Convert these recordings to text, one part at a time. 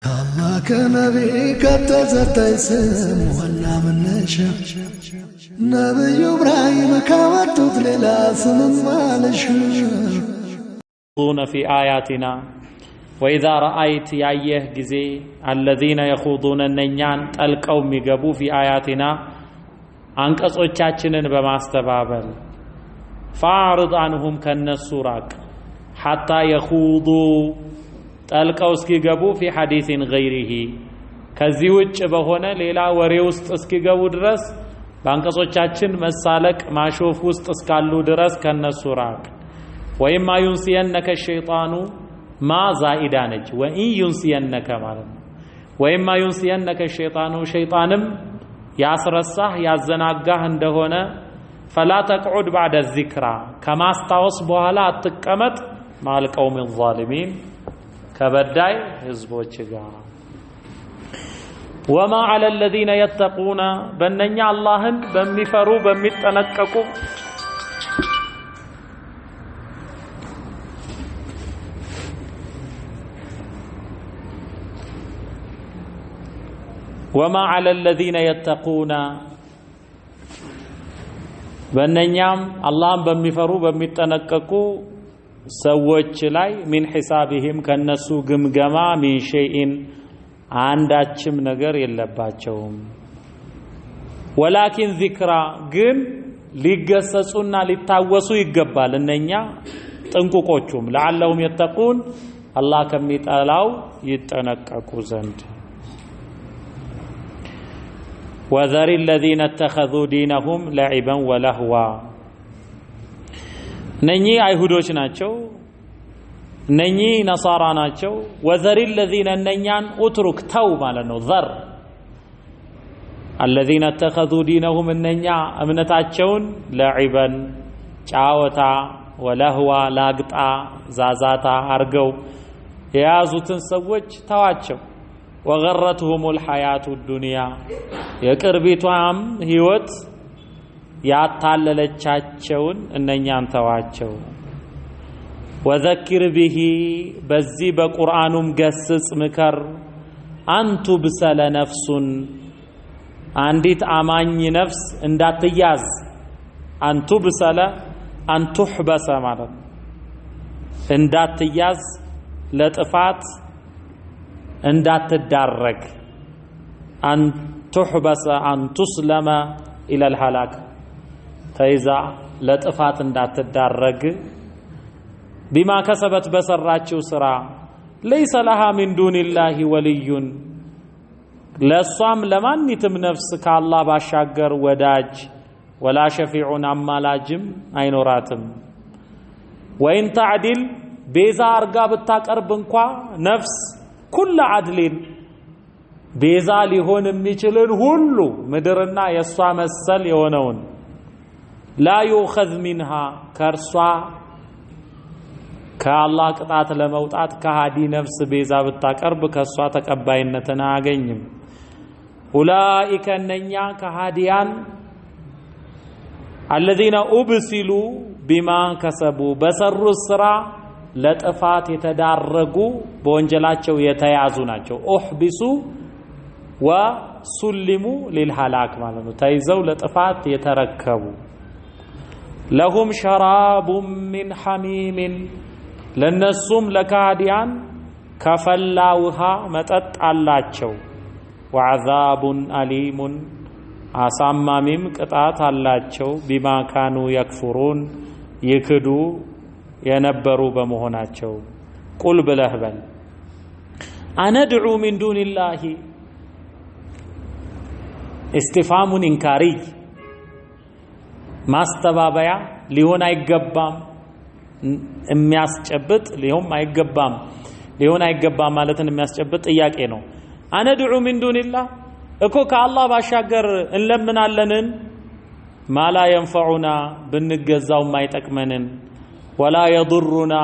الله من نبي إبراهيم في آياتنا وإذا رأيت يأيه جزي الذين يخوضون النيان تلقوا ميقبوا في آياتنا አንቀጾቻችንን በማስተባበል فاعرض عنهم كالنسوراك حتى يخوضوا ጠልቀው እስኪገቡ ፊ ሐዲሲን ገይሪሂ ከዚህ ውጭ በሆነ ሌላ ወሬ ውስጥ እስኪገቡ ድረስ በአንቀጾቻችን መሳለቅ ማሾፍ ውስጥ እስካሉ ድረስ ከነሱ ራቅ። ወይማ ዩንስየነከ ሸይጣኑ ማ ዛኢዳ ነች። ወኢን ዩንስየነከ ማለት ነው። ወይማ ዩንስየነከ ሸይጣኑ ሸይጣንም ያስረሳህ ያዘናጋህ እንደሆነ ፈላ ተቅዑድ ባዕደ ዚክራ ከማስታወስ በኋላ አትቀመጥ ማልቀውም ዛሊሚን ከበዳይ ህዝቦች ጋር ወማ አለ ለዚነ የተቁነ በእነኛ አላህን በሚፈሩ በሚጠነቀቁ ወማ አለ ለዚነ የተቁነ በእነኛም አላህን በሚፈሩ በሚጠነቀቁ ሰዎች ላይ ሚን ሒሳብህም ከነሱ ግምገማ ሚን ሸይኢን አንዳችም ነገር የለባቸውም። ወላኪን ዚክራ ግን ሊገሰጹና ሊታወሱ ይገባል። እነኛ ጥንቁቆቹም ለዓለሁም የተቁን አላህ ከሚጠላው ይጠነቀቁ ዘንድ ወዘሪ ለዚነ ተኸዙ ዲነሁም ለዒበን ወለህዋ እነኚህ አይሁዶች ናቸው፣ እነኚህ ነሳራ ናቸው። ወዘሪ ለዚነ እነኛን ኡትሩክ ተው ማለት ነው። ዘር አለዚነ ተኸዙ ዲነሁም እነኛ እምነታቸውን ለዒበን ጫወታ ወለህዋ ላግጣ ዛዛታ አርገው የያዙትን ሰዎች ተዋቸው። ወገረትሁም ልሐያቱ ዱንያ የቅርቢቷም ህይወት ያታለለቻቸውን እነኛን ተዋቸው። ወዘኪር ብሂ በዚህ በቁርአኑም ገስጽ ምከር። አንቱ ብሰለ ነፍሱን አንዲት አማኝ ነፍስ እንዳትያዝ። አንቱ ብሰለ አንቱ ሕበሰ ማለት እንዳትያዝ፣ ለጥፋት እንዳትዳረግ። አንቱ ሕበሰ አንቱስለመ ኢለል ሀላክ ፈይዛ ለጥፋት እንዳትዳረግ ቢማ ከሰበት በሰራችው ስራ ለይሰ ለሃ ሚን ዱንላሂ ወልዩን ለእሷም ለማኒትም ነፍስ ከአላህ ባሻገር ወዳጅ ወላ ሸፊዑን አማላጅም አይኖራትም። ወይን ታዕዲል ቤዛ አርጋ ብታቀርብ እንኳ ነፍስ ኩለ አድሊን ቤዛ ሊሆን የሚችልን ሁሉ ምድርና የእሷ መሰል የሆነውን ላ ዩኸዝ ሚንሃ ከእርሷ ከአላህ ቅጣት ለመውጣት ከሃዲ ነፍስ ቤዛ ብታቀርብ ከእሷ ተቀባይነትን አያገኝም። ኡላኢከ እነኛ ከሃዲያን አለዚነ ኡብሲሉ ቢማ ከሰቡ በሰሩት ስራ ለጥፋት የተዳረጉ በወንጀላቸው የተያዙ ናቸው። ኡሕቢሱ ወሱሊሙ ሊልሃላክ ማለት ነው። ተይዘው ለጥፋት የተረከቡ ለሁም ሸራቡ ሚን ሐሚሚን ለነሱም ለካዲያን ከፈላ ውሃ መጠጥ አላቸው። ወዐዛቡን አሊሙን አሳማሚም ቅጣት አላቸው። ቢማካኑ ካኑ ይክዱ የነበሩ በመሆናቸው። ቁል ብለህ በል አነድዑ ሚን ዱኒላሂ ኢስቲፋሙን ኢንካሪይ ማስተባበያ ሊሆን አይገባም፣ የሚያስጨብጥ ሊሆን አይገባም። ሊሆን አይገባም ማለትን የሚያስጨብጥ ጥያቄ ነው። አነድዑ ምን ዱንላ እኮ ከአላህ ባሻገር እንለምናለንን ማላ የንፈዑና ብንገዛው የማይጠቅመንን ወላ የዱሩና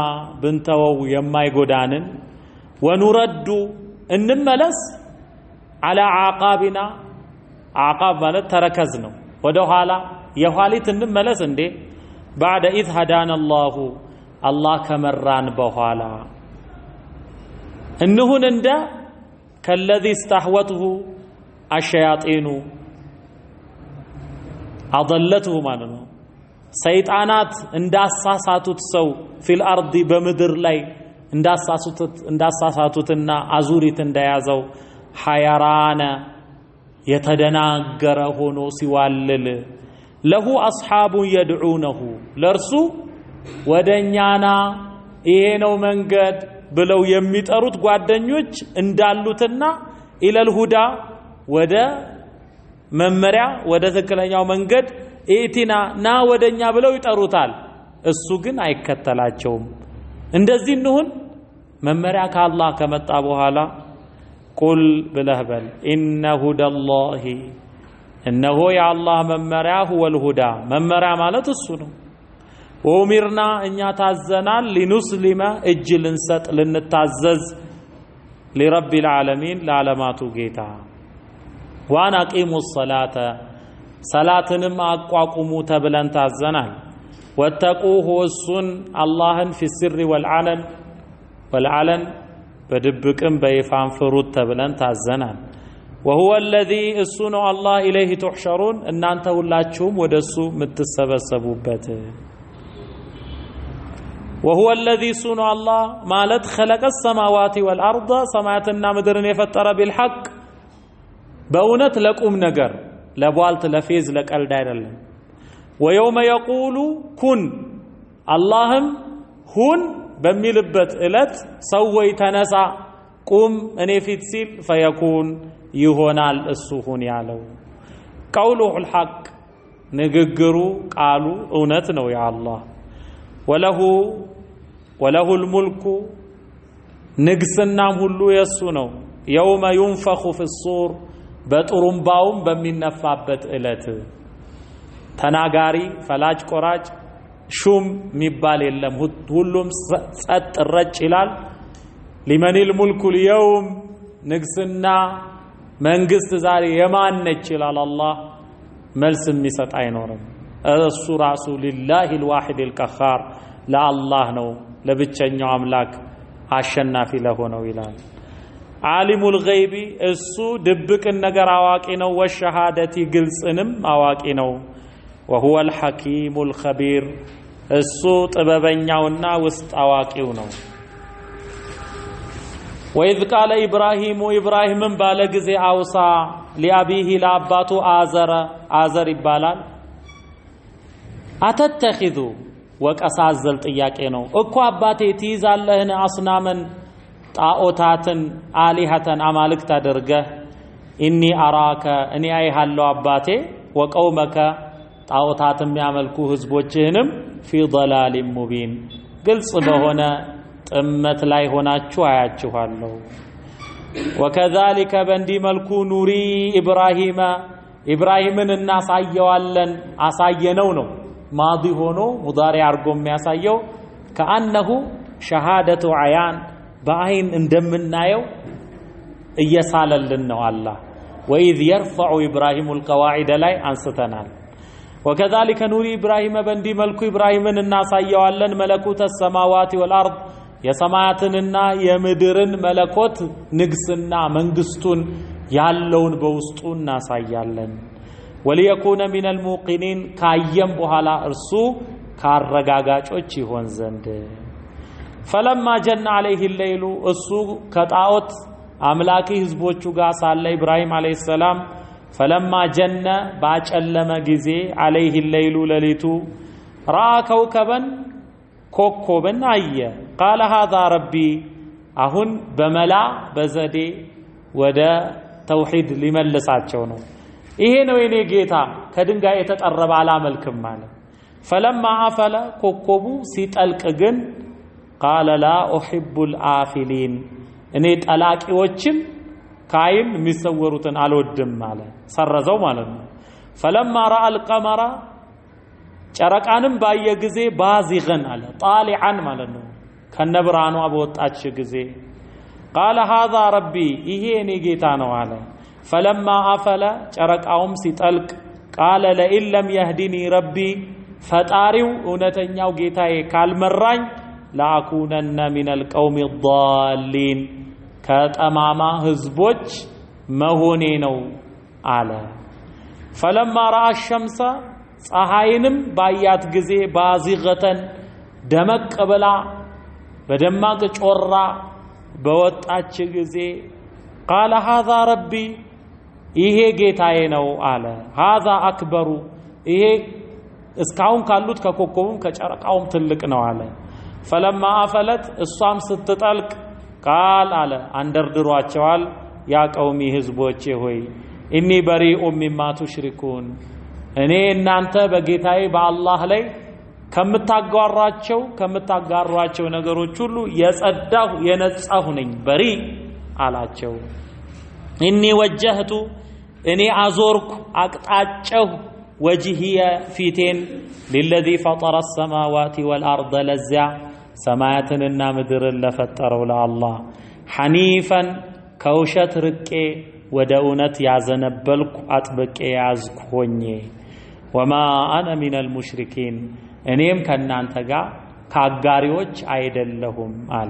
ብንተወው የማይጎዳንን ወኑረዱ እንመለስ አላ አዕቃቢና አቃብ ማለት ተረከዝ ነው ወደ ኋላ የኋሊት እንመለስ እንዴ? ባዕደ ኢዝ ሀዳን አላህ ከመራን በኋላ እንሁን እንደ ከለዚ ስተሕወትሁ አሸያጢኑ አضለትሁ ማለት ነው። ሰይጣናት እንዳሳሳቱት ሰው ፊል አርዲ በምድር ላይ እንዳሳሳቱትና አዙሪት እንደያዘው ሐየራነ የተደናገረ ሆኖ ሲዋልል ለሁ አስሓቡን የድዑነሁ ለእርሱ ወደ እኛና ይሄ ነው መንገድ ብለው የሚጠሩት ጓደኞች እንዳሉትና ኢለል ሁዳ ወደ መመሪያ ወደ ትክክለኛው መንገድ ኢቲና ና ወደኛ ብለው ይጠሩታል። እሱ ግን አይከተላቸውም። እንደዚህ እንሁን መመሪያ ከአላህ ከመጣ በኋላ ቁል ብለህ በል ኢነ ሁደላሂ እነሆ የአላህ መመሪያ ሁወል መመሪያ ማለት እሱ ነው። ኡሚርና እኛ ታዘናል፣ ሊኑስሊመ እጅ ልንሰጥ ልንታዘዝ፣ ሊረቢል ዓለሚን ለዓለማቱ ጌታ ዋን አቂሙ ሰላተ ሰላትንም አቋቁሙ ተብለን ታዘናል። ወተቁሁ እሱን አላህን ፊስሪ ወልዓለን ወልዓለን በድብቅም በይፋን ፍሩት ተብለን ታዘናል። وهو الذي الصنع الله إليه تحشرون أن أنت ولاتشوم ودسو متسبة سبوبته وهو الذي صنع الله ما خلق السماوات والأرض سمعت النامدر يفتر بالحق بونت لك أم نجر لبوالت لفيز لك الدائرة ويوم يقول كن اللهم هون بميلبت إلت سوي تنسى قم أني فيتسيل فيكون فيكون ይሆናል እሱሁን ሁን ያለው። ቀውሉሁል ሐቅ ንግግሩ ቃሉ እውነት ነው የአላህ ወለሁ ወለሁል ሙልኩ ንግስናም ሁሉ የእሱ ነው። የውመ ዩንፈኹ ፍሱር በጥሩምባውም በሚነፋበት ዕለት ተናጋሪ ፈላጭ ቆራጭ ሹም የሚባል የለም። ሁሉም ጸጥ ረጭ ይላል። ሊመኒል ሙልኩ የውም ንግስና መንግስት ዛሬ የማን ነች ይላል አላህ። መልስ የሚሰጥ አይኖርም። እሱ ራሱ ሊላሂ ልዋሒድ ልቀኻር ለአላህ ነው ለብቸኛው አምላክ አሸናፊ ለሆነው ይላል። ዓሊሙ ልገይቢ እሱ ድብቅን ነገር አዋቂ ነው። ወሸሃደቲ ግልጽንም አዋቂ ነው። ወሁወ ልሐኪሙ ልኸቢር እሱ ጥበበኛውና ውስጥ አዋቂው ነው። ወኢዝ ቃለ ኢብራሂሙ ኢብራሂምን ባለ ጊዜ አውሳ ሊአቢሂ ለአባቱ አዘረ አዘር ይባላል። አተተኺዙ ወቀሳ አዘል ጥያቄ ነው እኮ አባቴ ትይዛለህን አስናመን ጣዖታትን አሊሀተን አማልክት አድርገህ ኢኒ አራከ እኔ አይሃለሁ አባቴ ወቀውመከ ጣዖታት የሚያመልኩ ህዝቦችህንም ፊ ضላሊን ሙቢን ግልጽ በሆነ ጥመት ላይ ሆናችሁ አያችኋለሁ። ወከዛሊከ በእንዲህ መልኩ ኑሪ ኢብራሂማ ኢብራሂምን እናሳየዋለን። አሳየነው ነው ማዲ ሆኖ ሙዳሪ አድርጎ የሚያሳየው ከአነሁ ሸሃደቱ አያን በአይን እንደምናየው እየሳለልን ነው አላህ። ወኢዝ የርፈዑ ኢብራሂሙ ልቀዋዒደ ላይ አንስተናል። ወከዛሊከ ኑሪ ኢብራሂመ በእንዲህ መልኩ ኢብራሂምን እናሳየዋለን መለኩተ ሰማዋት ወልአርድ የሰማያትንና የምድርን መለኮት ንግስና መንግስቱን ያለውን በውስጡ እናሳያለን። ወሊየኩነ ሚነል ሙቂኒን ካየም በኋላ እርሱ ካረጋጋጮች ይሆን ዘንድ ፈለማ ጀነ አለይህ ሌይሉ እሱ ከጣዖት አምላኪ ህዝቦቹ ጋር ሳለ ኢብራሂም አለይሂ ሰላም ፈለማ ጀነ ባጨለመ ጊዜ አለይህ ሌይሉ ሌሊቱ ረአ ከውከበን ኮኮብን አየ። ቃለ ሃዛ ረቢ አሁን በመላ በዘዴ ወደ ተውሂድ ሊመልሳቸው ነው። ይሄ ነው የኔ ጌታ ከድንጋይ የተጠረበ አላመልክም ማለት። ፈለማ አፈለ ኮኮቡ ሲጠልቅ ግን ቃለ ላ ኡሂቡል አፊሊን እኔ ጠላቂዎችን ከአይን የሚሰወሩትን አልወድም ማለት ሰረዘው ማለት ነው። ፈለማ ረአ አልቀመራ ጨረቃንም ባየ ጊዜ ባዚገን አለ ጣሊዓን ማለት ነው። ከነብርሃኗ በወጣች ጊዜ ቃለ ሃዛ ረቢ ይሄ እኔ ጌታ ነው አለ። ፈለማ አፈለ ጨረቃውም ሲጠልቅ ቃለ ለኢን ለም የህዲኒ ረቢ ፈጣሪው እውነተኛው ጌታዬ ካልመራኝ ለአኩነነ ሚነል ቀውሚ ዳሊን ከጠማማ ህዝቦች መሆኔ ነው አለ። ፈለማ ረአ ሸምሰ ፀሐይንም ባያት ጊዜ ባዚገተን ደመቅ ብላ በደማቅ ጮራ በወጣች ጊዜ ቃለ ሃዛ ረቢ ይሄ ጌታዬ ነው አለ። ሃዛ አክበሩ ይሄ እስካሁን ካሉት ከኮከቡም ከጨረቃውም ትልቅ ነው አለ። ፈለማ አፈለት እሷም ስትጠልቅ ቃል አለ አንደርድሯቸዋል። ያ ቀውሚ ህዝቦቼ ሆይ እኒ በሪኡ ሚማ ቱሽሪኩን እኔ እናንተ በጌታዬ በአላህ ላይ ከምታጓራቸው ከምታጋሯቸው ነገሮች ሁሉ የጸዳሁ የነጻሁ ነኝ በሪ አላቸው። እኒ ወጀህቱ እኔ አዞርኩ አቅጣጨሁ ወጅህየ ፊቴን ሊለዚ ፈጠረ ሰማዋት ወልአርደ ለዚያ ሰማያትንና ምድርን ለፈጠረው ለአላህ ሐኒፈን ከውሸት ርቄ ወደ እውነት ያዘነበልኩ አጥብቄ ያዝኩ ሆኜ ወማ አነ ሚነል ሙሽሪኪን እኔም ከእናንተ ጋር ከአጋሪዎች አይደለሁም አለ።